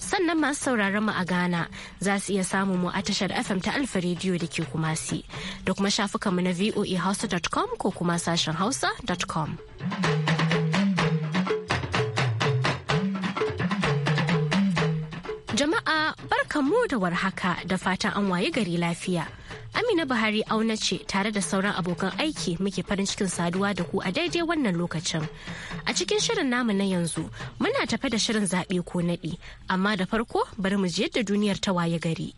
sannan masu sauraron mu a Ghana za su iya samun mu a tashar FM ta Alfa Radio da ke Kumasi da kuma shafukanmu na voahausa.com e ko kuma sashen hausa.com. Jama'a mu da warhaka da fatan an waye gari lafiya. Amina Buhari auna ce tare da sauran abokan aiki muke farin cikin saduwa da ku a daidai wannan lokacin. A cikin shirin namu na yanzu muna tafe da shirin zaɓe ko naɗi, amma da farko bari mu je yadda duniyar ta waye gari.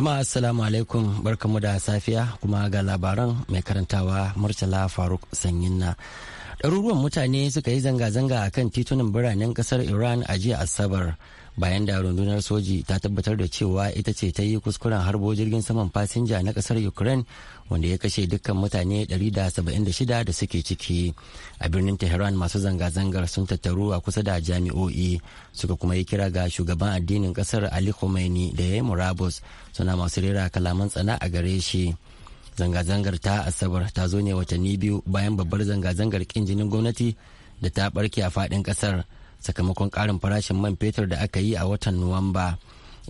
Jama'a assalamu alaikum barkamu da safiya kuma ga labaran mai karantawa Murtala Faruk Sanyin na. ɗaruruwan mutane suka yi zanga-zanga a kan titunan biranen ƙasar iran a jiya asabar bayan da rundunar soji ta tabbatar da cewa ita ce ta yi kuskuren harbo jirgin saman fasinja na ƙasar ukraine wanda ya kashe dukkan mutane 176 da suke ciki a birnin tehran masu zanga-zangar sun tattaru a kusa da jami'o'i suka kuma yi kira ga shugaban addinin ƙasar ali khomeini da ya yi murabus suna masu rera kalaman tsana a gare shi zanga-zangar ta asabar ta zo ne watanni biyu bayan babbar zanga-zangar kin jinin gwamnati da ta barke a fadin kasar sakamakon karin farashin man fetur da aka yi a watan nuwamba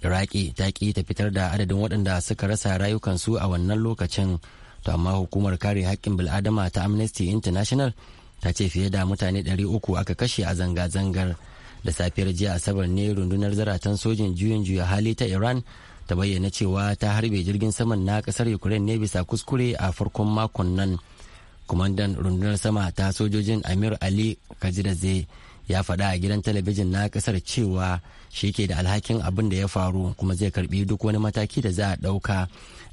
iraki ta ki ta fitar da adadin waɗanda suka rasa rayukansu a wannan lokacin to amma hukumar kare haƙƙin bil'adama ta amnesty international ta ce fiye da mutane 300 aka kashe a zanga-zangar da safiyar jiya asabar ne rundunar zaratan sojin juyin juya hali ta iran ta bayyana cewa ta harbe jirgin saman na kasar ukraine ne bisa kuskure a farkon makon nan kwamandan rundunar sama ta sojojin amir ali kajidaze ya faɗa a gidan talabijin na kasar cewa shi ke da alhakin abin da ya faru kuma zai karbi duk wani mataki da za a ɗauka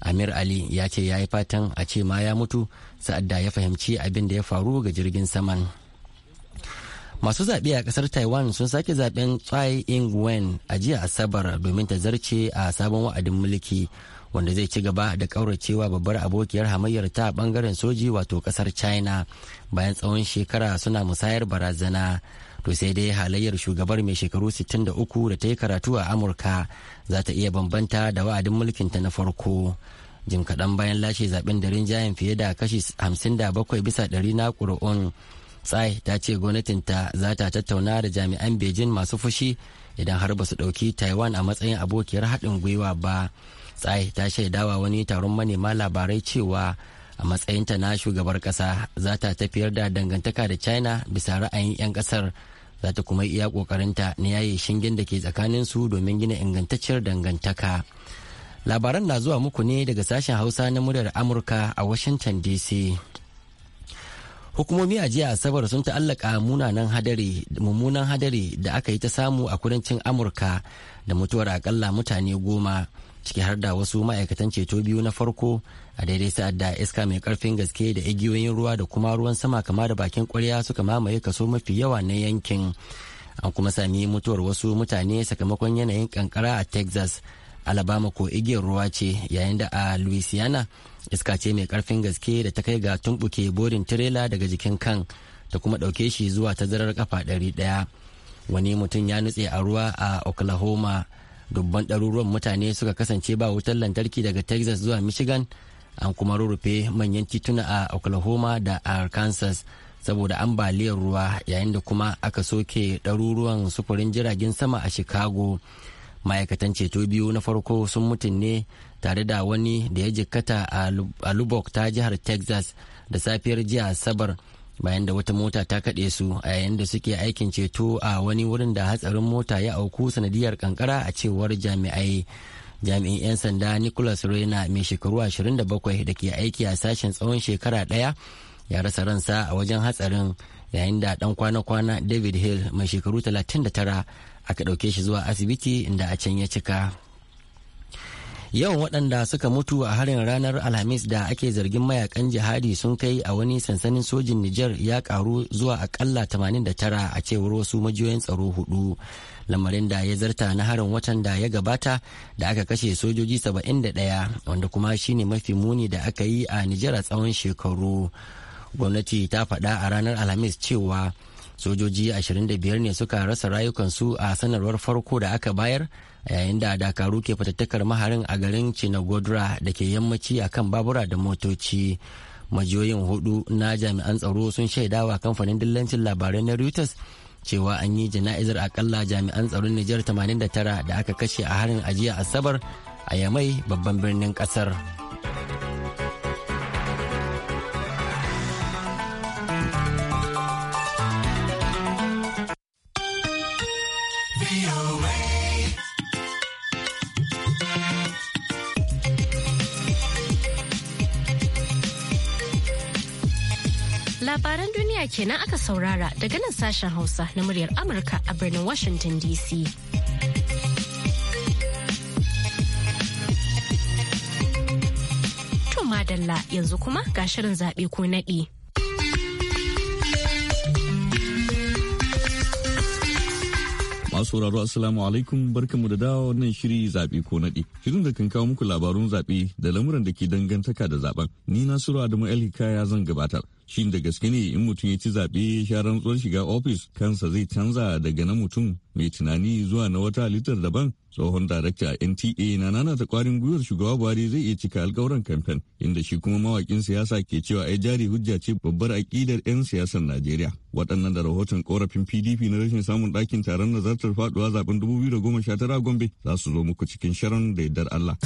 amir ali ya ce ya yi fatan a ce ma ya mutu sa'ad da ya fahimci abin da ya faru ga jirgin saman. masu zaɓe a ƙasar taiwan sun sake zaɓen tsai ing-wen a jiya asabar domin ta zarce a sabon wa'adin mulki wanda zai ci gaba da ƙauracewa babbar abokiyar hamayyar ta ɓangaren soji wato ƙasar china bayan tsawon shekara suna musayar barazana to sai dai halayyar shugabar mai shekaru 63 da ta yi karatu a amurka za ta iya bambanta da wa'adin mulkin ta na farko jim kaɗan bayan lashe zaɓen da rinjayen fiye da kashi 57 bisa ɗari na ƙuri'un tsai ta ce gwamnatinta za ta tattauna da jami'an beijing masu fushi idan har ba su ɗauki taiwan a matsayin abokiyar haɗin gwiwa ba tsai ta shaidawa wani taron manema labarai cewa a matsayinta na shugabar ƙasa za ta tafiyar da dangantaka da china bisa ra'ayin 'yan ƙasar za ta kuma iya ƙoƙarinta na yayi shingen da ke tsakaninsu domin gina ingantacciyar dangantaka labaran na zuwa muku ne daga sashen hausa na muryar amurka a washington dc hukumomi a jiya asabar sun ta'allaka munanan hadari mummunan hadari da aka yi ta samu a kudancin amurka da mutuwar akalla mutane goma ciki har da wasu ma'aikatan ceto biyu na farko a daidai sa'ad da iska mai karfin gaske da igiyoyin ruwa da kuma ruwan sama kama da bakin kwarya suka mamaye kaso mafi yawa na yankin an kuma sami mutuwar wasu mutane sakamakon yanayin kankara a texas alabama ko igiyar ruwa ce yayin da a louisiana iska ce mai karfin gaske da ta kai ga tumbuke borin tirela daga jikin kan ta kuma dauke shi zuwa tazarar kafa ɗari ɗaya wani mutum ya nutse a ruwa a oklahoma dubban ɗaruruwan mutane suka kasance ba wutar lantarki daga texas zuwa michigan an kuma rurrufe manyan tituna a oklahoma da arkansas saboda ambaliyar ruwa yayin da kuma aka soke ɗaruruwan sufurin jiragen sama a chicago ma'aikatan ceto biyu na farko sun mutum ne tare da wani da ya jikkata a lubbock ta jihar texas da safiyar jiya asabar bayan da wata mota ta kaɗe su a yayin da suke aikin ceto a wani wurin da hatsarin mota ya auku sanadiyar kankara a cewar jami'ai jami'in 'yan sanda nicholas rena mai shekaru 27 da ke aiki a sashen tsawon shekara ɗaya ya rasa ransa a wajen hatsarin yayin da dan kwana-kwana david hill mai shekaru 39 aka ɗauke shi zuwa asibiti inda a can ya cika yawan waɗanda suka mutu a harin ranar alhamis da ake zargin mayakan jihadi sun kai a wani sansanin sojin niger ya karu zuwa akalla 89 a cewar wasu majiyoyin tsaro hudu lamarin da ya zarta na harin watan da ya gabata da aka kashe sojoji 71 wanda kuma shine mafi muni da aka yi a niger a tsawon shekaru gwamnati ta faɗa a ranar alhamis cewa sojoji 25 ne suka rasa rayukansu a sanarwar farko da aka bayar yayin da dakaru ke fatattakar maharin a garin cinagodra da ke yammaci a kan babura da motoci. Majiyoyin hudu na jami'an tsaro sun shaidawa kamfanin dillancin labarai na Reuters cewa an yi jana'izar akalla jami'an tsaron Nijar 89 da aka kashe a harin ajiya Asabar a Yamai babban birnin kasar. kenan aka saurara daga nan sashen Hausa na muryar Amurka a birnin Washington DC. To madalla yanzu kuma ga shirin zaɓe ko naɗi. masu sauraro assalamu alaikum barkamu da dawo wannan shiri zaɓe ko naɗi shirin da kan kawo muku labarun zaɓe da lamuran da ke dangantaka da zaben ni nasiru adamu el hikaya zan gabatar shin da gaske ne in mutum ya ci zaɓe sha rantsuwar shiga ofis kansa zai canza daga na mutum mai tunani zuwa na wata halittar daban tsohon darakta nta na nana ta kwarin gwiwar shugaba buhari zai iya cika alkawuran kamfen inda shi kuma mawakin siyasa ke cewa ai jari hujja ce babbar aƙidar 'yan siyasar najeriya waɗannan da rahoton korafin pdp na rashin samun ɗakin taron nazartar faɗuwa zaben 2019 gombe za su zo muku cikin sharon da yardar allah.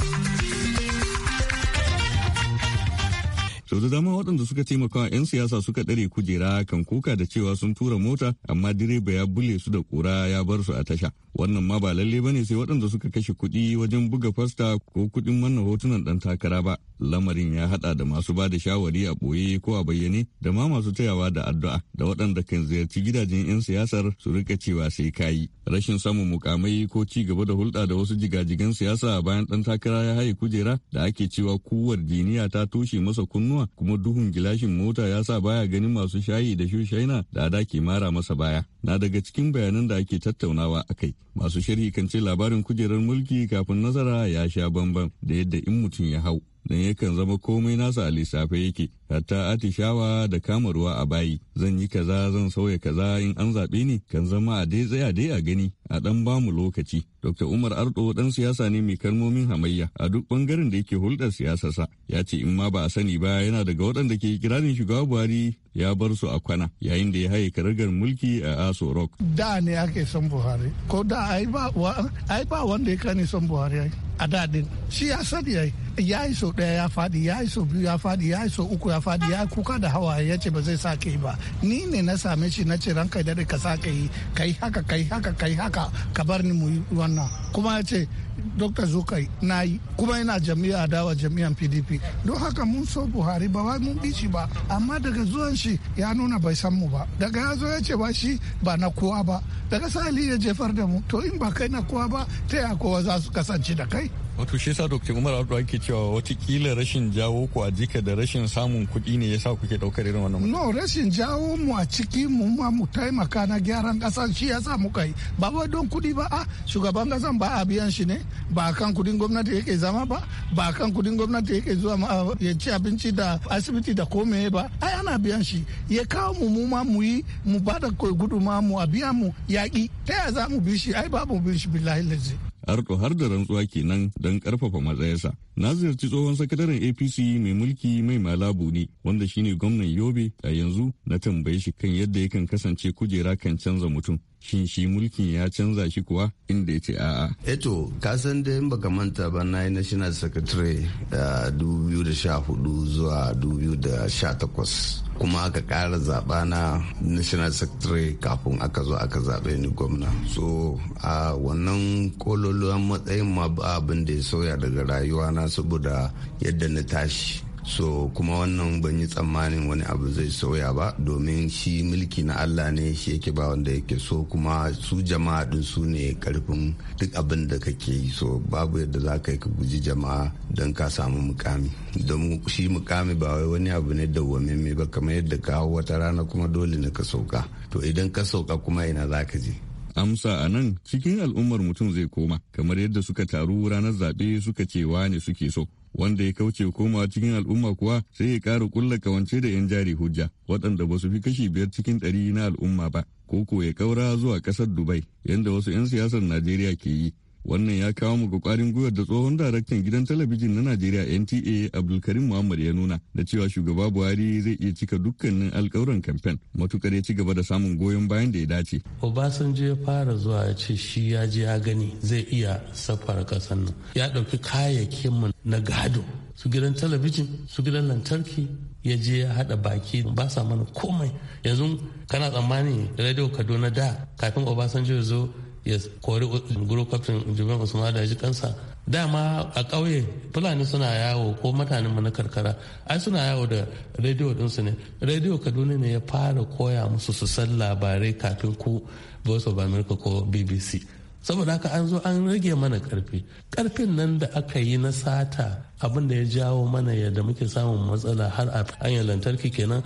sau da dama waɗanda suka taimaka wa 'yan siyasa suka ɗare kujera kan kuka da cewa sun tura mota amma direba ya bule su da ƙura ya bar su a tasha wannan ma ba lalle ba ne sai waɗanda suka kashe kuɗi wajen buga fasta ko kuɗin manna hotunan ɗan takara ba lamarin ya haɗa da masu ba da shawari a ɓoye ko a bayyane da ma masu tayawa da addu'a da waɗanda kan ziyarci gidajen 'yan siyasar su rika cewa sai kayi rashin samun mukamai ko ci gaba da hulɗa da wasu jigajigan siyasa bayan ɗan takara ya haye kujera da ake cewa kuwar jiniya ta toshe masa kunnuwa goma kuma duhun gilashin mota ya sa baya ganin masu shayi da shushaina da ada ke mara masa baya na daga cikin bayanan da ake tattaunawa a kai masu sharhi kan ce labarin kujerar mulki kafin nasara ya sha bamban da yadda in mutum ya hau don yakan zama komai nasa a lissafe yake hatta atishawa da kama ruwa a bayi zan yi kaza zan sauya kaza in an zaɓe ni kan zama a dai tsaya dai a gani a ɗan bamu lokaci dr umar ardo ɗan siyasa ne mai kalmomin hamayya a duk ɓangaren da yake hulɗar siyasarsa ya ce in ma ba a sani ba yana daga waɗanda ke kiranin shugaba buhari ya bar su a kwana yayin da ya haye karagar mulki a aso rock da ne ake son buhari ko da ai ba wanda ya kani son buhari ai a dadin shi ya sani ai ya yi sau ɗaya ya faɗi ya yi sau biyu ya faɗi ya yi sau uku ya faɗi ya kuka da hawa ya ce ba zai sa yi ba ni ne na same shi na ce ranka da ka sa ka yi kai haka kai haka kai haka ka bar ni mu yi wannan kuma ya ce Dr. Zukai na yi kuma yana jami'a dawa jami'an PDP don haka mun so Buhari ba wai mun bici ba amma daga zuwan shi ya nuna bai san mu ba daga ya zo ya ce ba shi ba na kowa ba daga sali ya jefar da mu to in ba kai na kowa ba ta ya kowa za su kasance da kai wato shi yasa dr umar abdu ake cewa watakila rashin jawo ku a jika da rashin samun kuɗi ne yasa kuke ɗaukar irin wannan no rashin jawo mu a ciki mu ma mu taimaka na gyaran ƙasa shi yasa muka yi ba wai don kuɗi ba a shugaban ƙasan ba a biyan shi ne ba kan kuɗin gwamnati yake zama ba ba kan kuɗin gwamnati yake zuwa ya ci abinci da asibiti da kome ba ai ana biyan shi ya kawo mu mu ma mu yi mu ba da guduma mu a biya mu yaƙi ta ya za mu bi shi ai ba mu bi shi billahi lazi ardo har da rantsuwa kenan don ƙarfafa matsayarsa na ziyarci tsohon sakataren apc mai mulki mai malabu ne wanda shine gwamnan yobe a yanzu na tambaye shi kan yadda yakan kasance kujera kan canza mutum shin shi mulkin ya canza shi kuwa inda ya ce a'a. eto eh kasan da in baka manta ba na yi national secretary da 2014 zuwa 2018 kuma aka kara zaɓa na national secretary kafin aka zo aka zaɓe ni gwamna so a wannan kololuwan matsayin ma ba abin da ya sauya daga rayuwa na na saboda yadda na tashi so kuma wannan ban yi tsammanin wani abu zai sauya ba domin shi mulki na allah ne shi yake ba wanda yake so kuma su jama'a din su ne karfin duk abin da kake yi so babu yadda za ka yi ka guji jama'a don ka samu mukami don shi mukami ba wai wani abu ne da dawwameme ba kamar yadda ka hau wata rana kuma dole ne ka sauka to idan ka sauka kuma ina za ka je amsa a nan cikin al'ummar mutum zai koma kamar yadda suka taru ranar zaɓe suka ce ne suke so wanda ya kauce komawa cikin al'umma kuwa sai ya ƙara ƙulla kawance da 'yan jari hujja waɗanda ba su fi kashi biyar cikin ɗari na al'umma ba ko ko ya ƙaura zuwa ƙasar dubai yadda wasu 'yan siyasar najeriya ke yi wannan ya kawo mu kwarin gwiwar da tsohon daraktan gidan talabijin na najeriya nta abdulkarim muhammad ya nuna da cewa shugaba buhari zai iya cika dukkanin alkawuran kamfen matukar ya ci gaba da samun goyon bayan da ya dace obasanjo ya fara zuwa ya ce shi ya je ya gani zai iya safara kasan nan ya ɗauki kayayyakin mu na gado su gidan talabijin su gidan lantarki ya je ya haɗa baki ba sa mana komai yanzu kana tsammani radio kaduna da kafin obasanjo ya zo ya kori gurukafin jibin usman da ji kansa dama a ƙauye fulani suna yawo ko mutanen na karkara ai suna yawo da rediyo ɗinsu ne rediyo kaduna ne ya fara koya musu su san labarai kafin ku voice of america ko bbc saboda haka an zo an rage mana karfi karfin nan da aka yi na sata abin da ya jawo mana yadda muke samun matsala har a hanyar lantarki kenan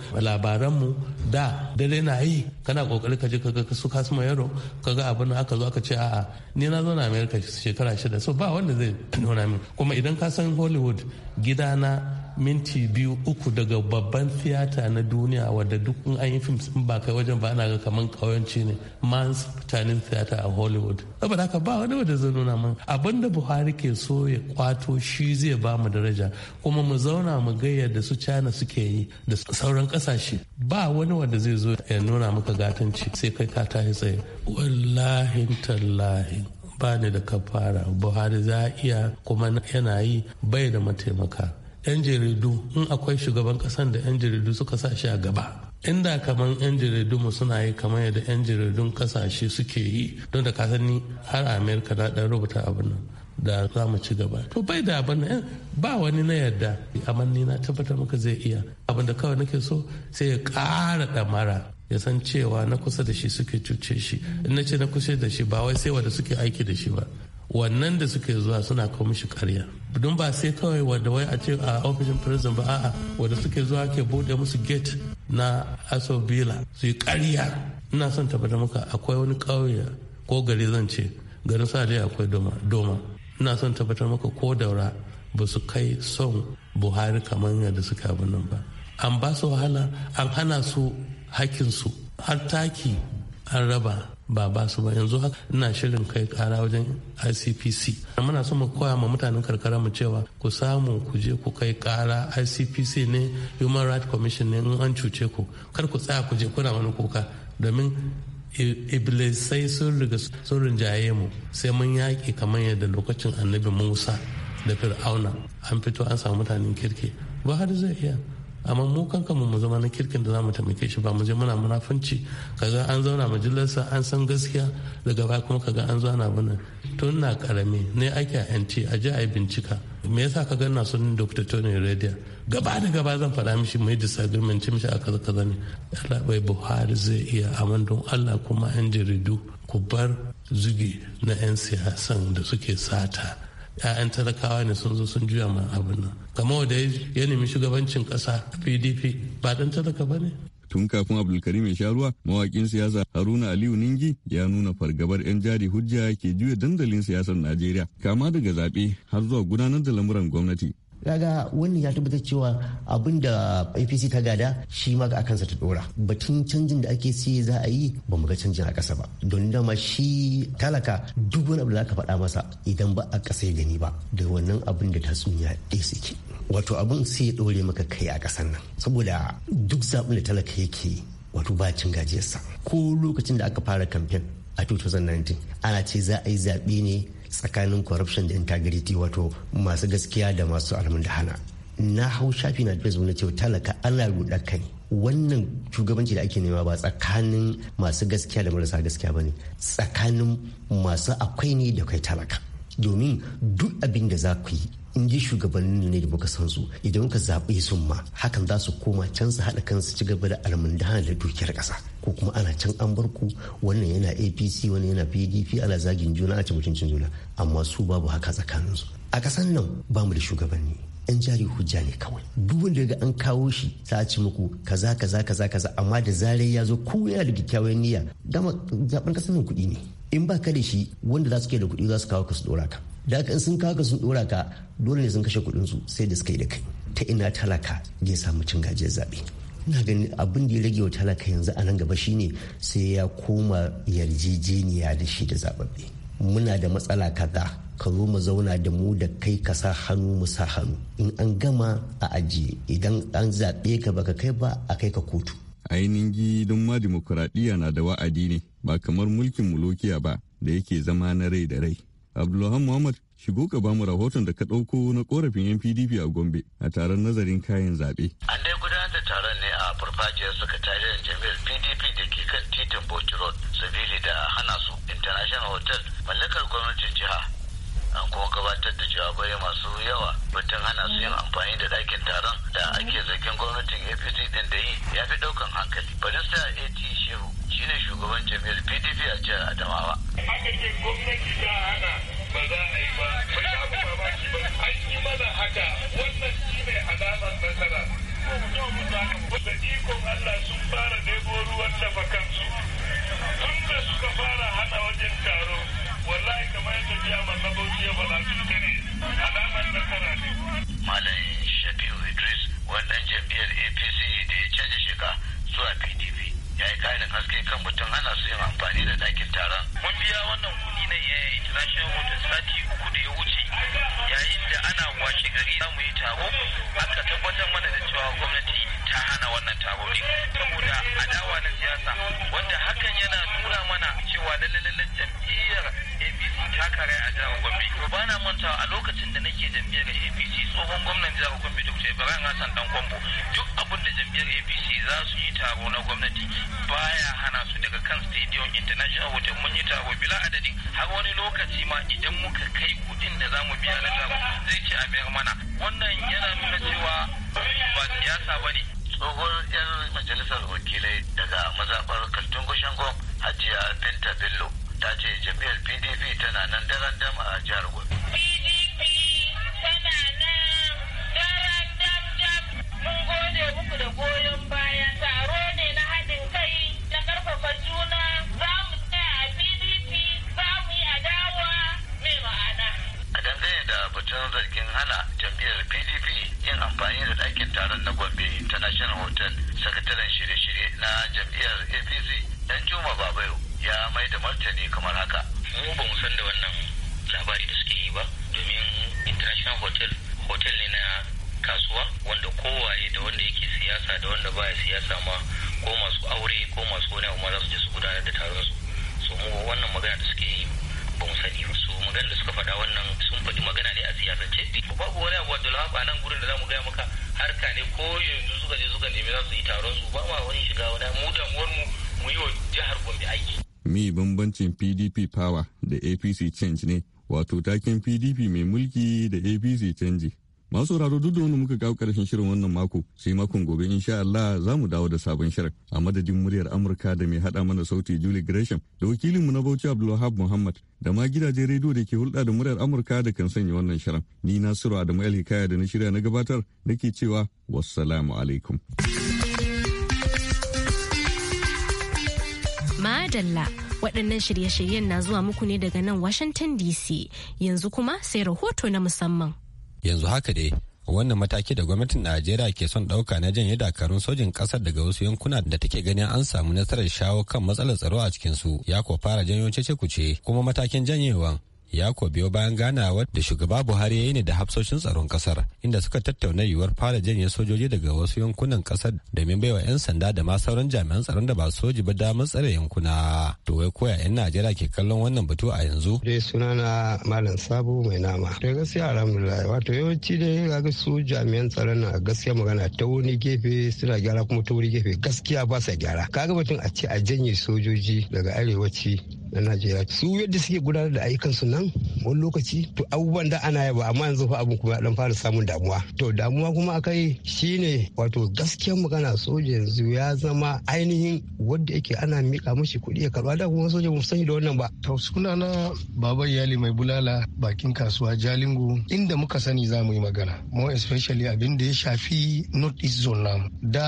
mu da dare na yi kana kokari ka je ka ga su kasuma yaro ka ga abin da aka zo aka ce a ni na zo na america shekara shida so ba wanda zai nuna min kuma idan ka san hollywood gidana minti biyu uku daga babban theater na duniya wadda duk in an yi fim sun ba kai wajen ba ana ga kaman kauyanci ne mans turning theater a hollywood saboda haka ba wani wanda zai nuna min abinda buhari ke so ya kwato shi zai ba mu daraja kuma mu zauna mu ga yadda su china suke yi da sauran kasashe ba wani wanda zai zo ya nuna maka gatanci sai kai ka tashi tsaye wallahi tallahi ba ni da kafara buhari za iya kuma yana yi bai da mataimaka 'yan jaridu in akwai shugaban kasan da 'yan jaridu suka sa shi a gaba inda kamar 'yan jaridu mu suna yi kamar yadda 'yan jaridun kasashe suke yi don da kasan ni har amerika na dan rubuta abin nan da za mu ci gaba to bai da abin nan eh, ba wani na yadda amma ni na tabbatar maka zai iya abin da kawai nake so sai ya ƙara ɗamara ya san cewa na kusa da shi suke cuce shi in na ce na kusa da shi ba wai sai wanda suke aiki da shi ba wannan da suke zuwa suna kawo mishi karya don ba sai kawai wadda wai a ce a ofishin prison ba a'a wadda suke zuwa ke bude musu gate na asobila su yi karya ina son tabbatar maka akwai wani ƙauye ko gari zan ce garin sale akwai doma ina son tabbatar maka ko daura ba su kai son buhari kamar yadda suka abin nan ba an ba su wahala an hana su hakkin su. har taki an raba ba ba su ba yanzu haka ina shirin kai kara wajen ICPC muna so mu koya ma mutanen karkara mu cewa ku samu ku je ku kai kara ICPC ne Human Rights Commission ne in an cuce ku kar ku tsaya ku je kuna wani kuka domin iblisai sun riga sun rinjaye mu sai mun yaƙi kamar yadda lokacin annabi Musa da Fir'auna an fito an samu mutanen kirki ba har zai iya amma mu kanka mu mu zama na kirkin da zamu taimake shi ba mu je muna munafunci kaga an zauna majalisa an san gaskiya daga baya kuma kaga an zo ana bana tun na karami ne ake a yanci a je a yi bincika me yasa ka ganna sunan dr tony radio gaba da gaba zan faɗa mishi mai disagreement ci mishi a kaza kaza ne Allah bai Buhari zai iya amma don Allah kuma yan jaridu ku bar zugi na 'yan siyasan da suke sata 'ya'yan talakawa ne sun zo sun juya ma abin nan kama da ya nemi shugabancin ƙasa pdp ba dan talaka ba ne tun kafin abdulkarim ya sha ruwa mawakin siyasa haruna aliyu ningi ya nuna fargabar 'yan jari hujja ke juya dandalin siyasar najeriya kama daga zaɓe har zuwa gudanar da lamuran gwamnati kaga wannan ya tabbatar cewa abin da apc ta gada shi ma a kansa ta dora batun canjin da ake siye za a yi ba mu ga canjin a kasa ba don dama shi talaka duk wani abu da aka faɗa masa idan ba a kasa ya gani ba da wannan abin da tatsuniya ɗaya suke wato abin sai ya ɗore maka kai a ƙasar nan saboda duk zaɓin da talaka yake wato ba cin gajiyarsa ko lokacin da aka fara kamfen a 2019 ana ce za a yi zaɓe ne tsakanin corruption da integrity wato masu gaskiya da masu da hana na hau shafi na facebook na cewa talaka ana ruɗa kai wannan shugabanci da ake nema ba tsakanin masu gaskiya da marasa gaskiya ba ne tsakanin masu akwai ne da kai talaka domin duk abin da za ku yi in ji shugabannin ne da muka san su idan ka zaɓe sun ma hakan za su koma can su haɗa kansu ci gaba da almundana da dukiyar ƙasa ko kuma ana can an bar ku wannan yana apc wannan yana pdp ana zagin juna a ci mutuncin juna amma su babu haka tsakaninsu a ƙasan nan ba mu da shugabanni yan jari hujja ne kawai duk wanda ga an kawo shi za a ci muku kaza kaza kaza kaza amma da zare ya zo ko yana da kyakkyawan niyya dama zaben nan kuɗi ne in ba ka da shi wanda za su ke da kuɗi za su kawo ka su ɗora ka da haka in sun kaka sun dora ka dole ne sun kashe kuɗin su sai da suka yi da kai ta ina talaka ya samu cin gajiyar zaɓe ina ganin abin da ya rage wa talaka yanzu a nan gaba shine sai ya koma yarjejeniya da shi da zababbe muna da matsala kaza ka zo mu zauna da mu da kai ka sa hannu mu sa hannu in an gama a ajiye idan an zaɓe ka baka kai ba a kai ka kotu ainihin gidan ma dimokuraɗiyya na da wa'adi ne ba kamar mulkin mulokiya ba da yake zama na rai da rai Abdullahi Muhammad shigo ka bamu rahoton da ka ɗauko na korafin 'yan PDP a Gombe a taron nazarin kayan zaɓe. An dai gudanar da taron ne a farfajiyar sakatariyar jami'ar PDP da ke kan titin Bauchi Road, sabili da hana su International Hotel mallakar gwamnatin jiha. An kuma gabatar da jawabai masu yawa batun hana su yin amfani da ɗakin taron da ake zargin gwamnatin APC ɗin da yi ya fi ɗaukan hankali. Barista AT Shehu shine shugaban jami'ar pdp a jihar adamawa aka ce gwamnati ta hana ba za a yi ba ba an yi mana haka wannan shine alamar nasara da ikon allah sun fara nemo ruwan dafa kansu tun da suka fara haɗa wajen taro wallahi kamar yadda biya manna bauchi ya faɗa sun kare alamar nasara ne malam shafiu idris wannan jam'iyyar apc da ya canza shiga zuwa pdp ya yi kayan haske kan batun hana su yin amfani da dakin taron. Mun biya wannan kuɗi eh, na international hotel sati uku da ya wuce yayin da ana washe gari za mu yi taro aka tabbatar mana da cewa gwamnati ta hana wannan taro ne saboda adawa na siyasa wanda hakan yana nuna mana cewa lalle jam'iyyar APC ta kare a jihar Gombe. Ba na manta a lokacin da nake jam'iyyar APC tsohon gwamnan jihar Gombe Dr. Ibrahim Hassan Dan Kwambo duk jam'iyyar abc za su yi taro na gwamnati baya hana su daga kan stadium international hotel mun yi taro bila adadin har wani lokaci ma idan muka kai kudin da zamu biya na taro zai ce a mana wannan yana nuna cewa ba siyasa ba ne tsohon yan majalisar wakilai daga mazaɓar kaltun gushangon hajiya binta bello ta ce jam'iyyar pdp tana nan daren dama a jihar taron na Gombe International Hotel sakataren shirye-shirye na jam'iyyar APC dan Juma Babayo ya mai da martani kamar haka. Mu ba mu san da wannan labari da suke yi ba domin International Hotel hotel ne na kasuwa wanda kowaye da wanda yake siyasa da wanda baya siyasa ma ko masu aure ko masu wani abu ma za su je su gudanar da taron su. So mu wannan magana da suke yi ba mu sani ba su magana da suka faɗa wannan sun faɗi magana ne a siyasance babu wani abu da lafa nan gurin da za mu gaya maka harka ne ko yanzu suka je suka nemi za su yi taron su ba ma wani shiga wani mu damuwar mu mu yi wa jihar Gombe aiki. Me bambancin PDP Power da APC Change ne wato takin PDP mai mulki da APC change. Masu sauraro duk da wani muka kawo karshen shirin wannan mako sai makon gobe insha Allah za mu dawo da sabon shirin a madadin muryar Amurka da mai hada mana sauti Julie Gresham da wakilinmu na Bauchi Abdulwahab Muhammad da ma gidajen rediyo da ke hulɗa da muryar Amurka da kan sanya wannan shirin. Ni Nasiru Adamu El Hikaya da na shirya na gabatar nake cewa wassalamu alaikum. Madalla waɗannan shirye-shiryen na zuwa muku ne daga nan Washington DC yanzu kuma sai rahoto na musamman. yanzu haka dai wannan mataki da gwamnatin najeriya ke son ɗauka na janye dakarun sojin ƙasar daga wasu yankuna da take ganin an samu nasarar shawo kan matsalar tsaro a cikinsu ya ko fara janyo cece kuce kuma matakin janyewan ya ko biyo bayan ganawa da shugaba buhari ya yi ne da hafsoshin tsaron kasar inda suka tattauna yiwuwar fara janye sojoji daga wasu yankunan kasar domin baiwa 'yan sanda da ma sauran jami'an tsaron da ba soji ba damar tsare yankuna to wai koya 'yan najeriya ke kallon wannan batu a yanzu dai sunana malam sabo mai nama to gaskiya alhamdulillah wato yawanci ya ga su jami'an tsaron na gaskiya magana ta wani gefe suna gyara kuma ta wani gefe gaskiya ba sa gyara kaga batun a ce a janye sojoji daga arewaci na najeriya su yadda suke gudanar da ayyukansu nan wani lokaci to abubuwan da ana yaba amma yanzu fa abun kuma dan fara samun damuwa to damuwa kuma akai shine wato gaskiyar magana soja yanzu ya zama ainihin wanda yake ana mika mashi kuɗi ya karba da kuma soja mu sani da wannan ba to sunana baba iyali mai bulala bakin kasuwa jalingo inda muka sani za mu yi magana more especially abin da ya shafi north east zone namu da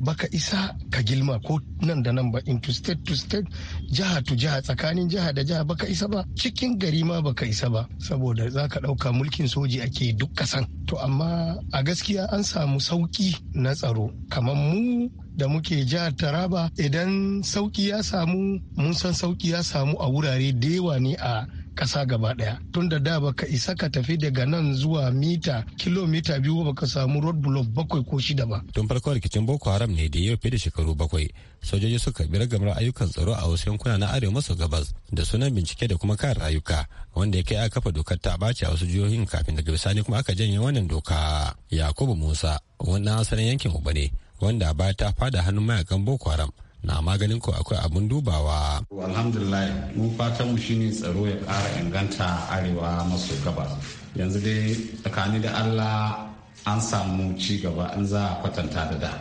baka isa ka gilma ko nan da nan ba into state to state jiha to jiha tsakanin jiha da jiha baka isa ba cikin gari ma baka isa ba saboda za ka ɗauka mulkin soji ake duk kasan to amma a gaskiya an samu sauƙi na tsaro kamar mu da muke jihar taraba idan sauƙi ya samu mun san sauki ya samu a wurare da yawa ne a kasa gaba ɗaya tun da da baka isa ka tafi daga nan zuwa mita kilomita biyu baka samu road block bakwai ko shida ba tun farko rikicin boko haram ne da ya fi da shekaru bakwai sojoji suka bi ragamar ayyukan tsaro a wasu yankuna na arewa maso gabas da sunan bincike da kuma kayan rayuka wanda ya kai aka kafa dokar ta bace a wasu jihohin kafin daga bisani kuma aka janye wannan doka yakubu musa wannan asalin yankin ubane wanda wanda baya ta fada hannun mayakan boko haram na maganin ko akwai abin dubawa. alhamdulillah mu fatan mu shine tsaro ya ƙara inganta arewa maso gabas yanzu dai tsakani da allah an samu ci gaba an za a kwatanta da da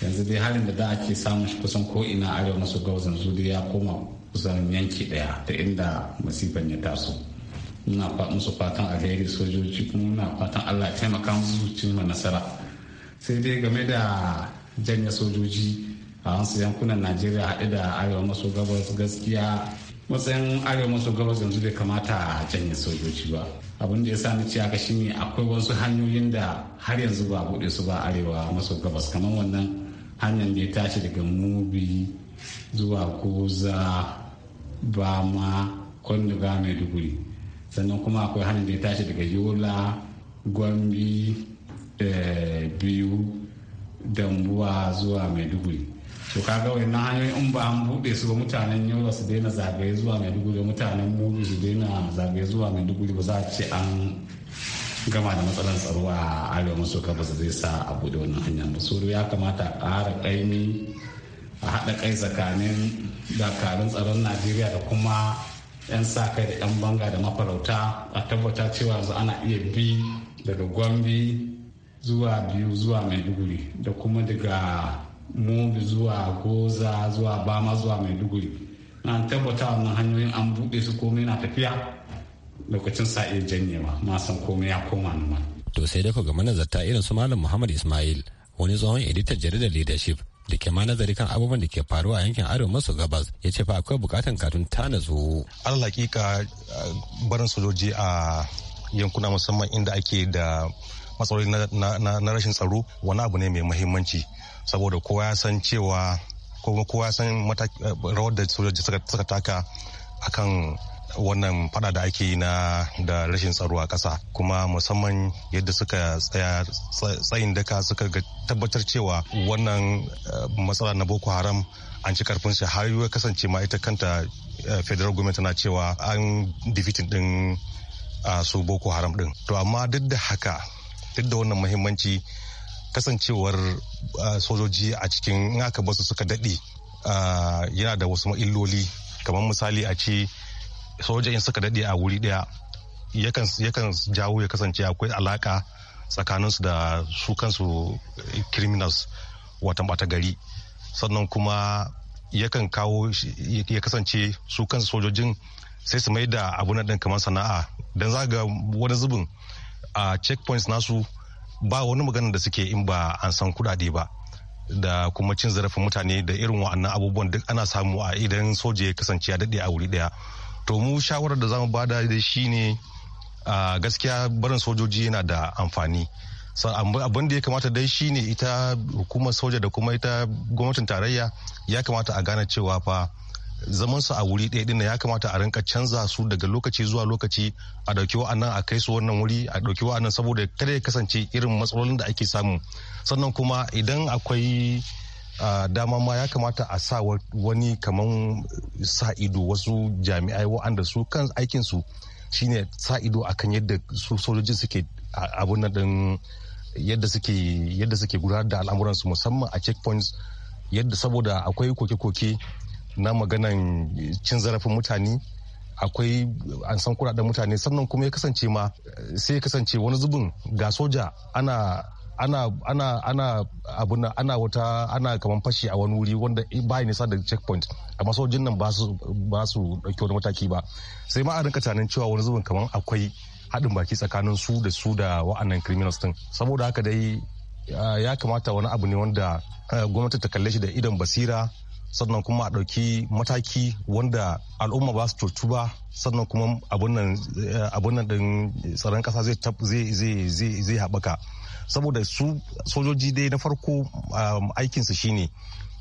yanzu dai halin da da ake samun shi kusan ko ina arewa maso gabas yanzu dai ya koma kusan yanki daya da inda masifan ya taso muna musu fatan alheri sojoji kuma muna fatan allah taimaka musu cimma nasara sai dai game da janye sojoji a wasu yankunan najeriya haɗe da arewa maso gabas gaskiya matsayin arewa maso gabas yanzu bai kamata a janye sojoji ba abin da ya sa nace haka shine akwai wasu hanyoyin da har yanzu ba buɗe su ba arewa maso gabas kamar wannan hanyar da ya tashi daga mubi zuwa goza bama kwanduga maiduguri sannan kuma akwai hanyar da ya tashi daga yola gwambi eh, biyu dambuwa zuwa mai duguri. to kaga wayannan hanyoyin in ba an buɗe su ba mutanen yola su daina zagaye zuwa mai maiduguri mutanen mudu su daina zagaye zuwa mai maiduguri ba za a ce an gama da matsalar tsaro a arewa maso gabas zai sa a buɗe wannan hanyar ba soro ya kamata a ƙara ƙaimi a haɗa kai tsakanin dakarun tsaron najeriya da kuma 'yan sa kai da 'yan banga da mafarauta a tabbata cewa yanzu ana iya bi daga gwambi zuwa biyu zuwa maiduguri da kuma daga mubi zuwa goza zuwa bama zuwa maiduguri na tabbata wannan hanyoyin an buɗe su komai na tafiya lokacin sa'ir janyewa ma san komai ya koma numa. to sai dai ga manazarta irin su malam muhammad ismail wani tsohon editan jaridar leadership da ke ma nazari kan abubuwan da ke faruwa a yankin arewa maso gabas ya ce fa akwai bukatan katun ta nazo. alal ka eh, barin sojoji a yankuna musamman inda ake da matsaloli na rashin tsaro wani abu ne mai muhimmanci saboda kowa ya san cewa ko kowa ya san eh, rawar da sojoji suka taka akan wannan fada da ake yi na da rashin tsaro a kasa kuma musamman yadda suka tsaya tsayin daka suka tabbatar cewa wannan eh, matsala na boko haram an ci karfin shi har ya kasance ma ita kanta eh, federal government na cewa an defeat din ah, su boko haram din to amma duk da haka duk da wannan muhimmanci kasancewar ah, sojoji a cikin in aka basu suka daɗe ah, yana da wasu illoli kamar misali a ce soja suka daɗe a wuri ɗaya yakan jawo ya kasance akwai alaka tsakaninsu da su kansu criminals watan bata gari sannan kuma yakan kawo ya kasance su kansu sojojin sai su mai da abu na kamar sana'a don za ga wani zubin a ah, checkpoints nasu ba wani magana da suke in ba an san kuɗaɗe ba da kuma cin zarafin mutane da irin wa'annan abubuwan duk ana samu a idan soja ya kasance ya daɗe a wuri ɗaya to mu shawarar da za mu bada da shi ne gaskiya barin sojoji yana da amfani abin da ya kamata dai shi ne ita hukumar soja da kuma ita gwamnatin tarayya ya kamata a gane cewa fa zaman su a wuri ɗaya ɗin ya kamata a rinka canza su daga lokaci zuwa lokaci a ɗauki wa'annan a kai su wannan wuri a ɗauki wa'annan saboda kada ya kasance irin matsalolin da ake samu sannan kuma idan akwai dama ma ya kamata a sa wani kaman sa ido wasu jami'ai wa'anda su kan aikin su shine sa ido akan yadda su sojoji suke abun nan yadda suke yadda suke gudanar da al'amuransu musamman a checkpoints yadda saboda akwai koke-koke na maganan cin zarafin mutane akwai an san mutane sannan kuma ya kasance ma sai ya kasance wani zubin ga soja ana ana ana ana abuna ana wata ana kaman fashi a wani wuri wanda ba nisa da checkpoint amma sojin nan ba su dauke wani mataki ba sai ma a rinka tunanin cewa wani zubin kaman akwai haɗin baki tsakanin su da su da wa'annan criminals din saboda haka dai ya kamata wani abu ne wanda eh, gwamnati ta kalle shi da idon basira sannan kuma a ɗauki mataki wanda al'umma ba su cutu ba sannan kuma abun nan din eh, tsaron ƙasa zai haɓaka saboda su sojoji dai na farko aikinsu shine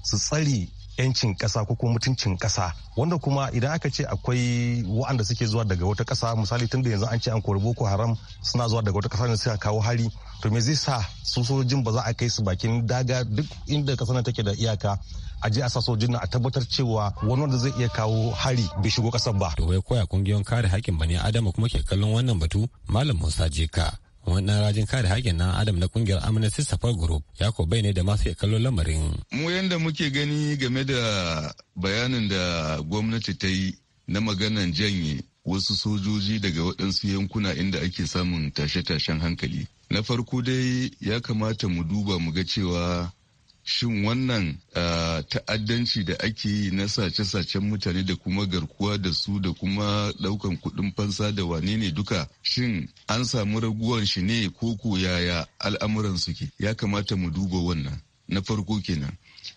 su tsari yancin kasa ko kuma mutuncin kasa wanda kuma idan aka ce akwai wa'anda suke zuwa daga wata kasa misali tun da yanzu an ce an kori boko haram suna zuwa daga wata kasa ne suka kawo hari to me zai sa su sojojin ba za a kai su bakin daga duk inda kasa na take da iyaka a je a sa sojin a tabbatar cewa wani wanda zai iya kawo hari bai shigo kasar ba. To wai koya kungiyoyin kare haƙƙin bani Adama kuma ke kallon wannan batu Malam Musa Jeka. wannan rajin kare haƙƙin na adam na kungiyar amnesty safar group ya ko bai ne da masu kallon lamarin mu yanda muke gani game da bayanin da gwamnati ta yi na maganan janye wasu sojoji daga waɗansu yankuna inda ake samun tashe-tashen hankali na farko dai ya kamata mu duba mu ga cewa shin wannan eh, ta'addanci da ake yi na sace-sacen mutane da kuma garkuwa da su da kuma daukan kuɗin fansa da wane ne duka shin an samu raguwan shi ne ko ko yaya al'amuran suke ya kamata mu duba wannan na farko kenan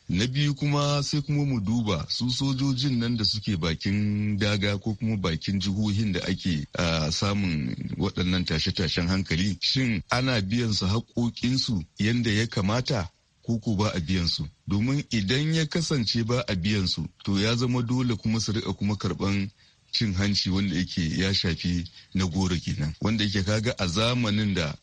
na biyu kuma sai kuma mu duba su sojojin nan da suke bakin daga ko kuma bakin jihohin da ake eh, samun waɗannan tashe-tashen hankali shin ana biyan su haƙoƙinsu yadda ya kamata kuku ba a biyan su domin idan ya kasance ba a biyan su to ya zama dole kuma su rika kuma karɓan cin hanci wanda yake ya shafi na goro kenan wanda yake kaga a zamanin da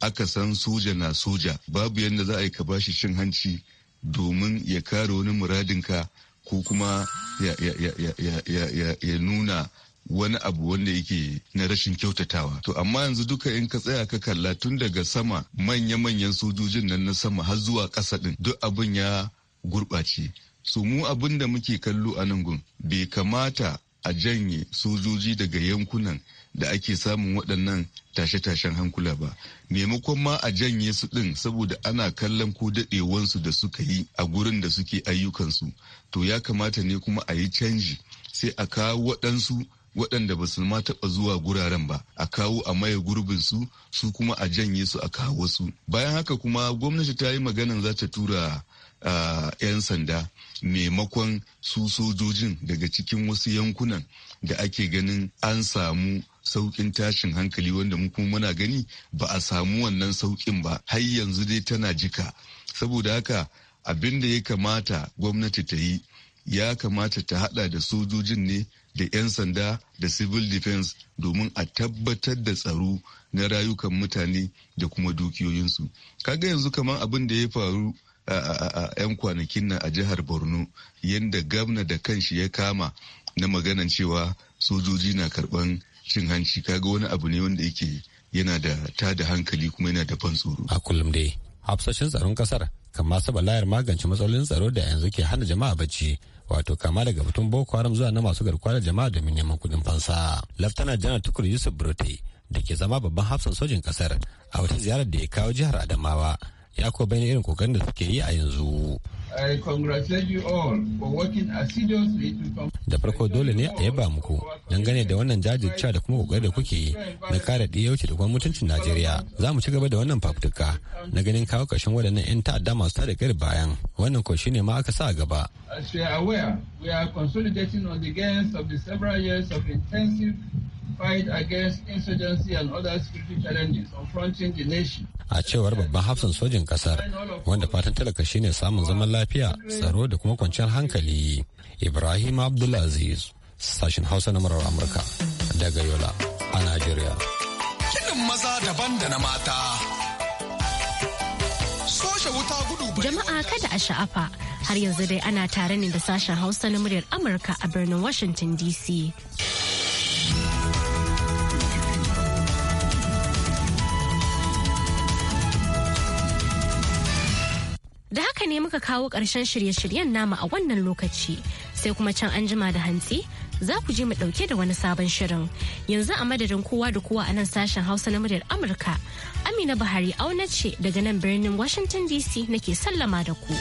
aka san soja na soja babu yadda za a yi ka bashi cin hanci domin ya kare wani muradinka ko kuma ya nuna wani abu wanda yake na rashin kyautatawa to amma yanzu duka in ka tsaya ka kalla tun daga sama manya-manyan sojojin nan na sama har zuwa ƙasa ɗin duk abin ya gurɓace su mu abin da muke kallo a nan gun bai kamata a janye sojoji daga yankunan da ake samun waɗannan tashe-tashen hankula ba maimakon ma a janye su ɗin saboda ana kallon ko daɗewansu da suka yi a gurin da suke ayyukansu to ya kamata ne kuma a yi canji sai a kawo waɗansu waɗanda ba su ma taɓa zuwa guraren ba a kawo a maye gurbin su su kuma a janye su a kawo su bayan haka kuma gwamnati ta yi maganan za ta tura uh, 'yan sanda maimakon su sojojin daga cikin wasu yankunan da ake ganin an samu saukin tashin hankali wanda mu kuma muna gani ba a samu wannan saukin ba har yanzu dai tana jika saboda haka abin da ya kamata gwamnati ta yi ya kamata ta hada da sojojin ne da 'yan sanda da civil defense domin a tabbatar da tsaro na rayukan mutane da kuma dukiyoyinsu kaga yanzu kamar abin da ya faru a 'yan kwanakin nan a jihar borno yadda gamna da kanshi ya kama na maganan cewa sojoji na karban cin hanci kaga wani abu ne wanda yake yana da tada hankali kuma yana da ban tsoro a kullum dai hafsashin tsaron kasar kan masu balayar magance matsalolin tsaro da yanzu ke hana jama'a bacci wato kama daga batun boko haram zuwa na masu garkuwa da jama'a domin neman kudin fansa Laftana janar tukur yusuf brote da ke zama babban hafsan sojin kasar a wata ziyarar da ya kawo jihar adamawa ya kuwa bayan irin kokarin da suke yi a yanzu. Da farko dole ne a yaba muku dangane da wannan jajircewa da kuma kokarin da kuke yi na kare ɗiyauci da kuma mutuncin Najeriya. Za mu ci gaba da wannan fafutuka na ganin kawo ƙarshen waɗannan 'yan ta'adda masu tada ƙari bayan. Wannan ko ne ma aka sa a gaba. As you are aware, we are consolidating on the gains of the several years of intensive fight against insurgency and other security challenges confronting the nation. A cewar babban hafsan sojin kasar wanda fatan talaka shine samun zaman lafiya, tsaro da kuma kwanciyar hankali. Ibrahim Abdulaziz, sashen Hausa na murar Amurka daga Yola a Najeriya. Kinin maza daban da na mata. Soshe wuta gudu Jama'a kada a sha'afa. Har yanzu dai ana tare ne da sashen Hausa na muryar Amurka a birnin Washington DC. muka kawo ƙarshen shirye-shiryen nama a wannan lokaci sai kuma can an jima da hantsi za ku je mu ɗauke da wani sabon shirin yanzu a madadin kowa da kowa a nan sashen hausa na muryar amurka amina buhari auna ce daga nan birnin washington dc nake sallama da ku.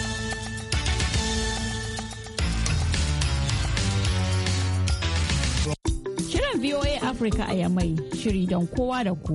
Kiran VOA Africa a Yamai, shiri don kowa da ku.